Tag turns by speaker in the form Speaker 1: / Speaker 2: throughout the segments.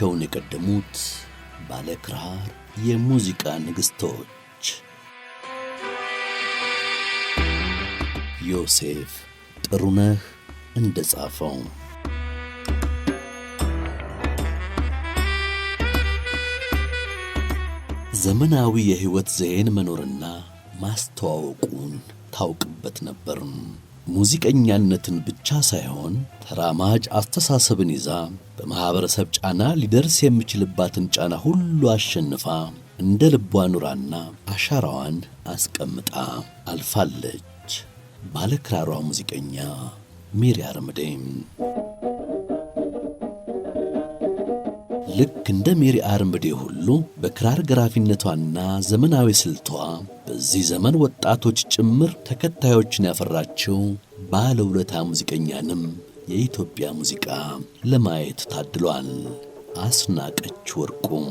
Speaker 1: ጊዜያቸውን የቀደሙት ባለ ክራር የሙዚቃ ንግሥቶች ዮሴፍ ጥሩነህ እንደ ጻፈው ዘመናዊ የሕይወት ዘይን መኖርና ማስተዋወቁን ታውቅበት ነበር። ሙዚቀኛነትን ብቻ ሳይሆን ተራማጅ አስተሳሰብን ይዛ በማኅበረሰብ ጫና ሊደርስ የሚችልባትን ጫና ሁሉ አሸንፋ እንደ ልቧ ኑራና አሻራዋን አስቀምጣ አልፋለች። ባለክራሯ ሙዚቀኛ ሜሪ አርምዴም ልክ እንደ ሜሪ አርምዴ ሁሉ በክራር ግራፊነቷና ዘመናዊ ስልቷ በዚህ ዘመን ወጣቶች ጭምር ተከታዮችን ያፈራችው ባለውለታ ሙዚቀኛንም የኢትዮጵያ ሙዚቃ ለማየት ታድሏል። አስናቀች ወርቁም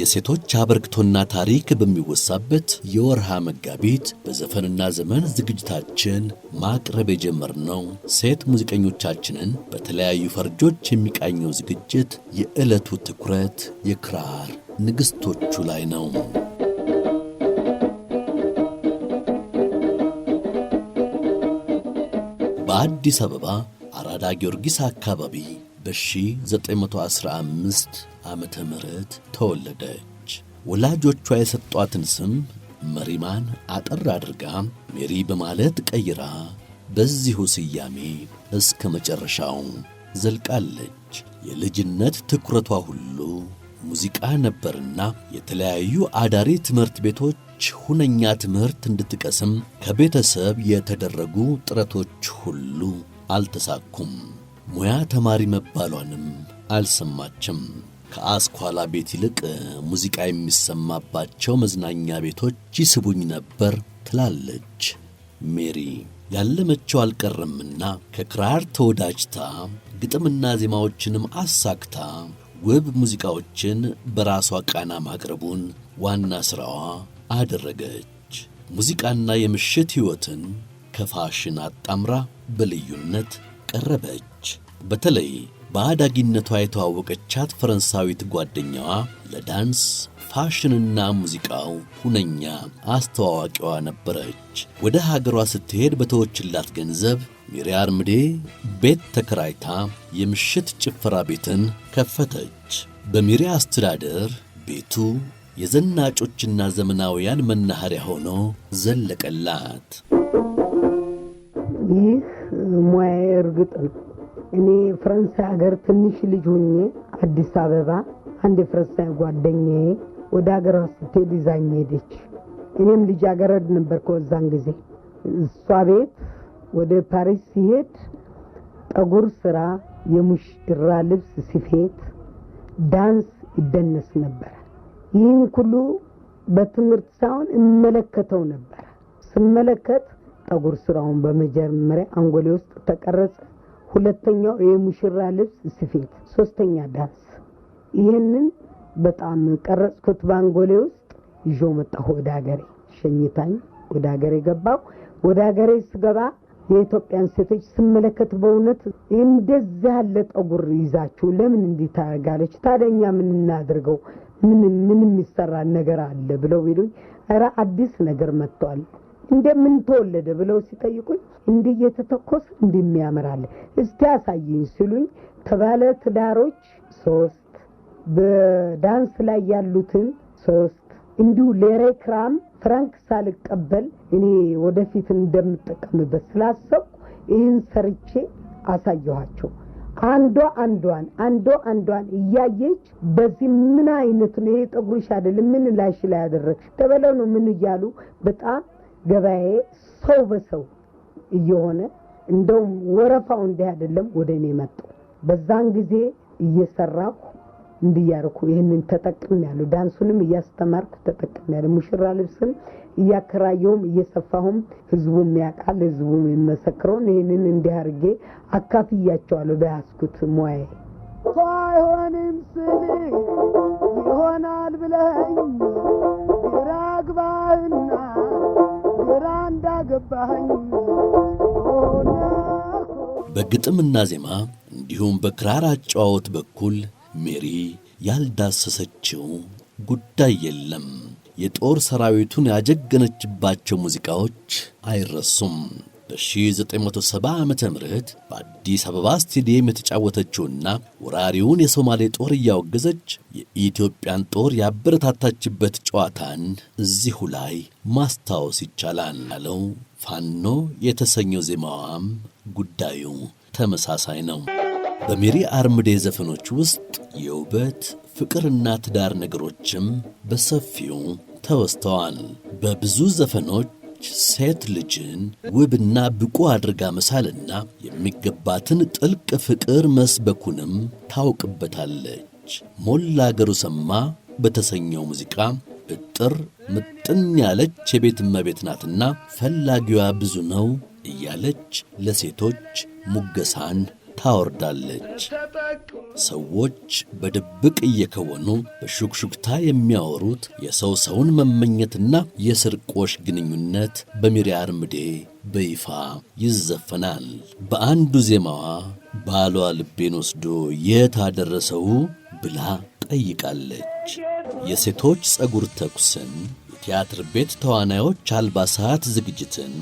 Speaker 1: የሴቶች አበርክቶና ታሪክ በሚወሳበት የወርሃ መጋቢት በዘፈንና ዘመን ዝግጅታችን ማቅረብ የጀመርነው ሴት ሙዚቀኞቻችንን በተለያዩ ፈርጆች የሚቃኘው ዝግጅት የዕለቱ ትኩረት የክራር ንግሥቶቹ ላይ ነው። በአዲስ አበባ አራዳ ጊዮርጊስ አካባቢ በ1915 ዓመተ ምህረት ተወለደች። ወላጆቿ የሰጧትን ስም መሪማን አጠር አድርጋ ሜሪ በማለት ቀይራ በዚሁ ስያሜ እስከ መጨረሻው ዘልቃለች። የልጅነት ትኩረቷ ሁሉ ሙዚቃ ነበርና የተለያዩ አዳሪ ትምህርት ቤቶች ሁነኛ ትምህርት እንድትቀስም ከቤተሰብ የተደረጉ ጥረቶች ሁሉ አልተሳኩም። ሙያ ተማሪ መባሏንም አልሰማችም። ከአስኳላ ቤት ይልቅ ሙዚቃ የሚሰማባቸው መዝናኛ ቤቶች ይስቡኝ ነበር ትላለች ሜሪ። ያለመችው አልቀረምና ከክራር ተወዳጅታ ግጥምና ዜማዎችንም አሳክታ ውብ ሙዚቃዎችን በራሷ ቃና ማቅረቡን ዋና ሥራዋ አደረገች። ሙዚቃና የምሽት ሕይወትን ከፋሽን አጣምራ በልዩነት ቀረበች። በተለይ በአዳጊነቷ የተዋወቀቻት ፈረንሳዊት ጓደኛዋ ለዳንስ ፋሽንና ሙዚቃው ሁነኛ አስተዋዋቂዋ ነበረች። ወደ ሀገሯ ስትሄድ በተወችላት ገንዘብ ሚሪያ አርምዴ ቤት ተከራይታ የምሽት ጭፈራ ቤትን ከፈተች። በሚሪያ አስተዳደር ቤቱ የዘናጮችና ዘመናውያን መናኸሪያ ሆኖ ዘለቀላት።
Speaker 2: ይህ ሙያዬ እርግጥ ነው እኔ ፈረንሳይ ሀገር ትንሽ ልጅ ሁኜ አዲስ አበባ አንድ የፈረንሳይ ጓደኛዬ ወደ ሀገሯ ስትሄድ ይዛኝ ሄደች። እኔም ልጃገረድ ነበር ከወዛን ጊዜ እሷ ቤት ወደ ፓሪስ ሲሄድ ጠጉር ስራ፣ የሙሽራ ልብስ ስፌት፣ ዳንስ ይደነስ ነበረ። ይህን ሁሉ በትምህርት ሳይሆን እመለከተው ነበረ። ስመለከት ጠጉር ስራውን በመጀመሪያ አንጎሌ ውስጥ ተቀረጸ። ሁለተኛው የሙሽራ ልብስ ስፌት፣ ሶስተኛ ዳንስ። ይህንን በጣም ቀረጽኩት ባንጎሌ ውስጥ ይዞ መጣሁ ወደ ሀገሬ። ሸኝታኝ ወደ ሀገሬ ገባሁ። ወደ ሀገሬ ስገባ የኢትዮጵያን ሴቶች ስመለከት በእውነት እንደዚህ ያለ ጠጉር ይዛችሁ ለምን እንዲህ ታደርጋለች? ታዲያ እኛ ምን እናድርገው? ምን ምን የሚሰራ ነገር አለ ብለው ቢሉኝ፣ ኧረ አዲስ ነገር መጥቷል እንደምን ተወለደ ብለው ሲጠይቁኝ እየተተኮስ እንደሚያምራለ እስቲ ያሳይኝ ሲሉኝ ከባለ ትዳሮች ሶስት በዳንስ ላይ ያሉትን ሶስት እንዲሁ ሌሬ ክራም ፍራንክ ሳልቀበል እኔ ወደፊት እንደምጠቀምበት ስላሰብኩ ይህን ሰርቼ አሳየኋቸው። አንዷ አንዷን አንዷ አንዷን እያየች በዚህ ምን አይነት ነው ይሄ ጠጉርሽ አይደለም ምን ላይሽ ላይ ያደረግሽ ተበለው ነው ምን እያሉ በጣም ገበያዬ ሰው በሰው እየሆነ እንደውም ወረፋው እንዲህ አይደለም ወደ እኔ መጡ። በዛን ጊዜ እየሰራሁ እንድያርኩ ይህንን ተጠቅም ያሉ ዳንሱንም እያስተማርኩ ተጠቅም ያሉ ሙሽራ ልብስም እያከራየውም እየሰፋሁም ህዝቡም ያውቃል፣ ህዝቡም የሚመሰክረውን ይህንን እንዲህ አርጌ አካፍያቸዋለሁ በያዝኩት ሙያዬ።
Speaker 3: አይሆንም ስልህ ይሆናል ብለኝ ራግባህና ግራ እንዳገባኝ
Speaker 1: በግጥምና ዜማ እንዲሁም በክራር አጨዋወት በኩል ሜሪ ያልዳሰሰችው ጉዳይ የለም። የጦር ሰራዊቱን ያጀገነችባቸው ሙዚቃዎች አይረሱም። በ1970 ዓ.ም በአዲስ አበባ ስቴዲየም የተጫወተችውና ወራሪውን የሶማሌ ጦር እያወገዘች የኢትዮጵያን ጦር ያበረታታችበት ጨዋታን እዚሁ ላይ ማስታወስ ይቻላል ያለው ፋኖ የተሰኘው ዜማዋም ጉዳዩ ተመሳሳይ ነው። በሜሪ አርምዴ ዘፈኖች ውስጥ የውበት ፍቅርና ትዳር ነገሮችም በሰፊው ተወስተዋል። በብዙ ዘፈኖች ሴት ልጅን ውብና ብቁ አድርጋ መሳልና የሚገባትን ጥልቅ ፍቅር መስበኩንም ታውቅበታለች። ሞላ አገሩ ሰማ በተሰኘው ሙዚቃ እጥር ምጥን ያለች የቤት እመቤት ናትና ፈላጊዋ ብዙ ነው እያለች ለሴቶች ሙገሳን ታወርዳለች። ሰዎች በድብቅ እየከወኑ በሹክሹክታ የሚያወሩት የሰው ሰውን መመኘትና የስርቆሽ ግንኙነት በሚሪያር ምዴ በይፋ ይዘፈናል። በአንዱ ዜማዋ ባሏ ልቤን ወስዶ የት አደረሰው ብላ ጠይቃለች። የሴቶች ጸጉር ተኩስን፣ የቲያትር ቤት ተዋናዮች አልባሳት ዝግጅትን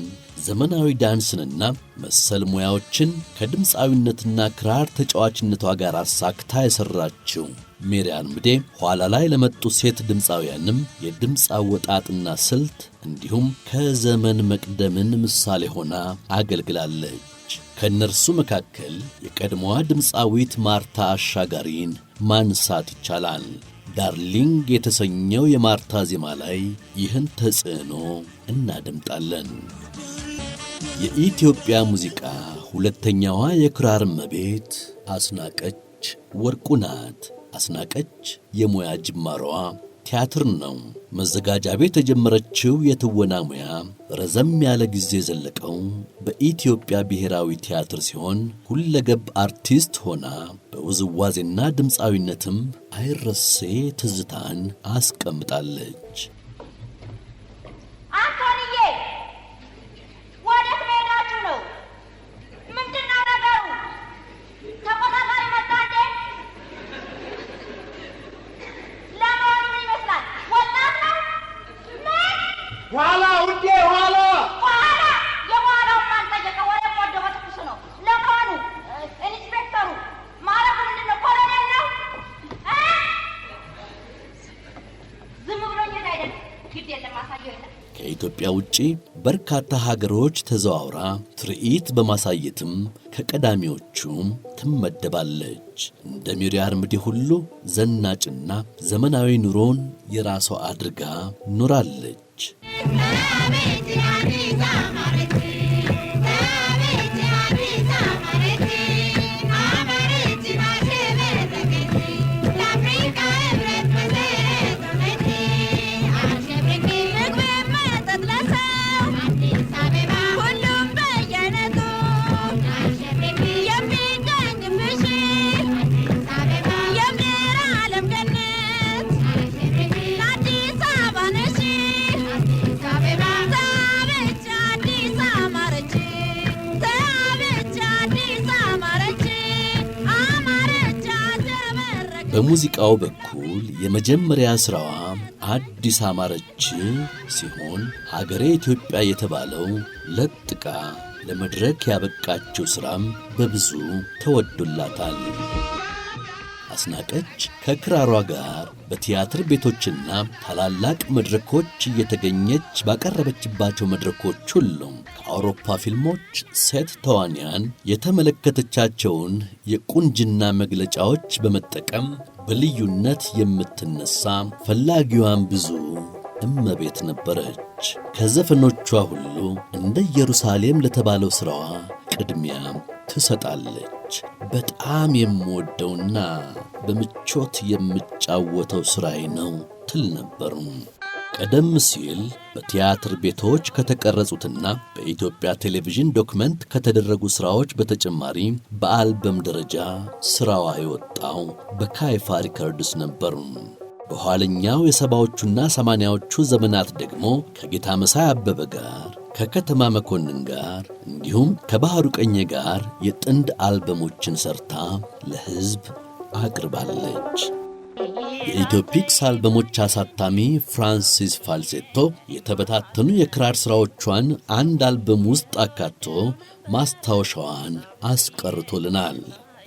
Speaker 1: ዘመናዊ ዳንስንና መሰል ሙያዎችን ከድምፃዊነትና ክራር ተጫዋችነቷ ጋር አሳክታ የሰራችው ሜሪያን ምዴ ኋላ ላይ ለመጡ ሴት ድምፃውያንም የድምፅ አወጣጥና ስልት እንዲሁም ከዘመን መቅደምን ምሳሌ ሆና አገልግላለች። ከእነርሱ መካከል የቀድሞዋ ድምፃዊት ማርታ አሻጋሪን ማንሳት ይቻላል። ዳርሊንግ የተሰኘው የማርታ ዜማ ላይ ይህን ተጽዕኖ እናደምጣለን። የኢትዮጵያ ሙዚቃ ሁለተኛዋ የክራር እመቤት አስናቀች ወርቁ ናት። አስናቀች የሙያ ጅማሯዋ ቲያትር ነው። መዘጋጃ ቤት የጀመረችው የትወና ሙያ ረዘም ያለ ጊዜ ዘለቀው በኢትዮጵያ ብሔራዊ ቲያትር ሲሆን ሁለገብ አርቲስት ሆና በውዝዋዜና ድምፃዊነትም አይረሴ ትዝታን አስቀምጣለች። ከኢትዮጵያ ውጪ በርካታ ሀገሮች ተዘዋውራ ትርኢት በማሳየትም ከቀዳሚዎቹ ትመደባለች። እንደ ሚሪያ አርምዴ ሁሉ ዘናጭና ዘመናዊ ኑሮን የራሷ አድርጋ ኖራለች። በሙዚቃው በኩል የመጀመሪያ ሥራዋ አዲስ አማረች ሲሆን ሀገሬ ኢትዮጵያ የተባለው ለጥቃ ለመድረክ ያበቃችው ሥራም በብዙ ተወዶላታል። አስናቀች ከክራሯ ጋር በቲያትር ቤቶችና ታላላቅ መድረኮች እየተገኘች ባቀረበችባቸው መድረኮች ሁሉም አውሮፓ ፊልሞች ሴት ተዋንያን የተመለከተቻቸውን የቁንጅና መግለጫዎች በመጠቀም በልዩነት የምትነሳ ፈላጊዋን ብዙ እመቤት ነበረች። ከዘፈኖቿ ሁሉ እንደ ኢየሩሳሌም ለተባለው ሥራዋ ቅድሚያ ትሰጣለች። በጣም የምወደውና በምቾት የምጫወተው ሥራዬ ነው ትል ነበሩ። ቀደም ሲል በቲያትር ቤቶች ከተቀረጹትና በኢትዮጵያ ቴሌቪዥን ዶክመንት ከተደረጉ ስራዎች በተጨማሪ በአልበም ደረጃ ስራዋ የወጣው በካይፋ ሪከርድስ ነበር። በኋለኛው የሰባዎቹና ሰማንያዎቹ ዘመናት ደግሞ ከጌታ መሳይ አበበ ጋር ከከተማ መኮንን ጋር እንዲሁም ከባህሩ ቀኘ ጋር የጥንድ አልበሞችን ሰርታ ለሕዝብ አቅርባለች። ፒክስ አልበሞች አሳታሚ ፍራንሲስ ፋልሴቶ የተበታተኑ የክራር ሥራዎቿን አንድ አልበም ውስጥ አካቶ ማስታወሻዋን አስቀርቶልናል።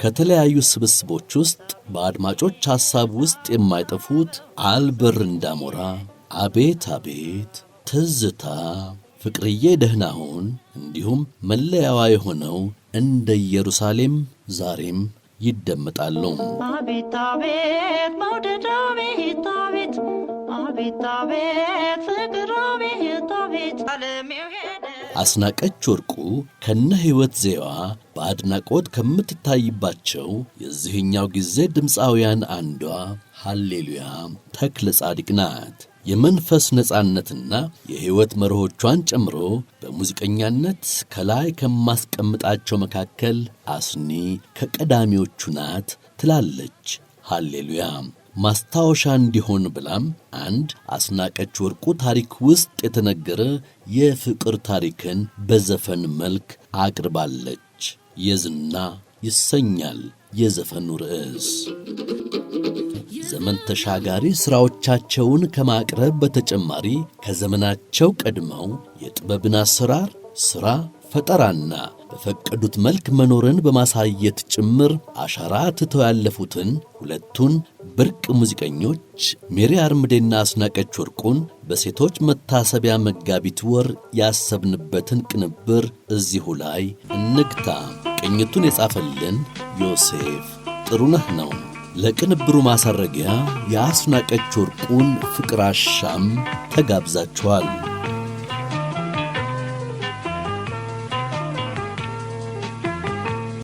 Speaker 1: ከተለያዩ ስብስቦች ውስጥ በአድማጮች ሐሳብ ውስጥ የማይጠፉት አልበር እንዳሞራ፣ አቤት አቤት፣ ትዝታ፣ ፍቅርዬ ደህናሁን እንዲሁም መለያዋ የሆነው እንደ ኢየሩሳሌም ዛሬም ይደመጣሉ።
Speaker 4: አቤት አቤት መውደድ አቤት አቤት አቤት አቤት ፍቅር አቤት አቤት
Speaker 1: አስናቀች ወርቁ ከነ ሕይወት ዜዋ በአድናቆት ከምትታይባቸው የዚህኛው ጊዜ ድምፃውያን አንዷ ሀሌሉያ ተክለ ጻድቅ ናት። የመንፈስ ነፃነትና የሕይወት መርሆቿን ጨምሮ በሙዚቀኛነት ከላይ ከማስቀምጣቸው መካከል አስኒ ከቀዳሚዎቹ ናት ትላለች። ሃሌሉያ ማስታወሻ እንዲሆን ብላም አንድ አስናቀች ወርቁ ታሪክ ውስጥ የተነገረ የፍቅር ታሪክን በዘፈን መልክ አቅርባለች። የዝና ይሰኛል የዘፈኑ ርዕስ። ዘመን ተሻጋሪ ሥራዎቻቸውን ከማቅረብ በተጨማሪ ከዘመናቸው ቀድመው የጥበብን አሰራር፣ ሥራ ፈጠራና በፈቀዱት መልክ መኖርን በማሳየት ጭምር አሻራ ትተው ያለፉትን ሁለቱን ብርቅ ሙዚቀኞች ሜሪ አርምዴና አስናቀች ወርቁን በሴቶች መታሰቢያ መጋቢት ወር ያሰብንበትን ቅንብር እዚሁ ላይ እንግታ። ቅኝቱን የጻፈልን ዮሴፍ ጥሩነህ ነው። ለቅንብሩ ማሳረጊያ የአስናቀች ወርቁን ፍቅር አሻም ተጋብዛችኋል።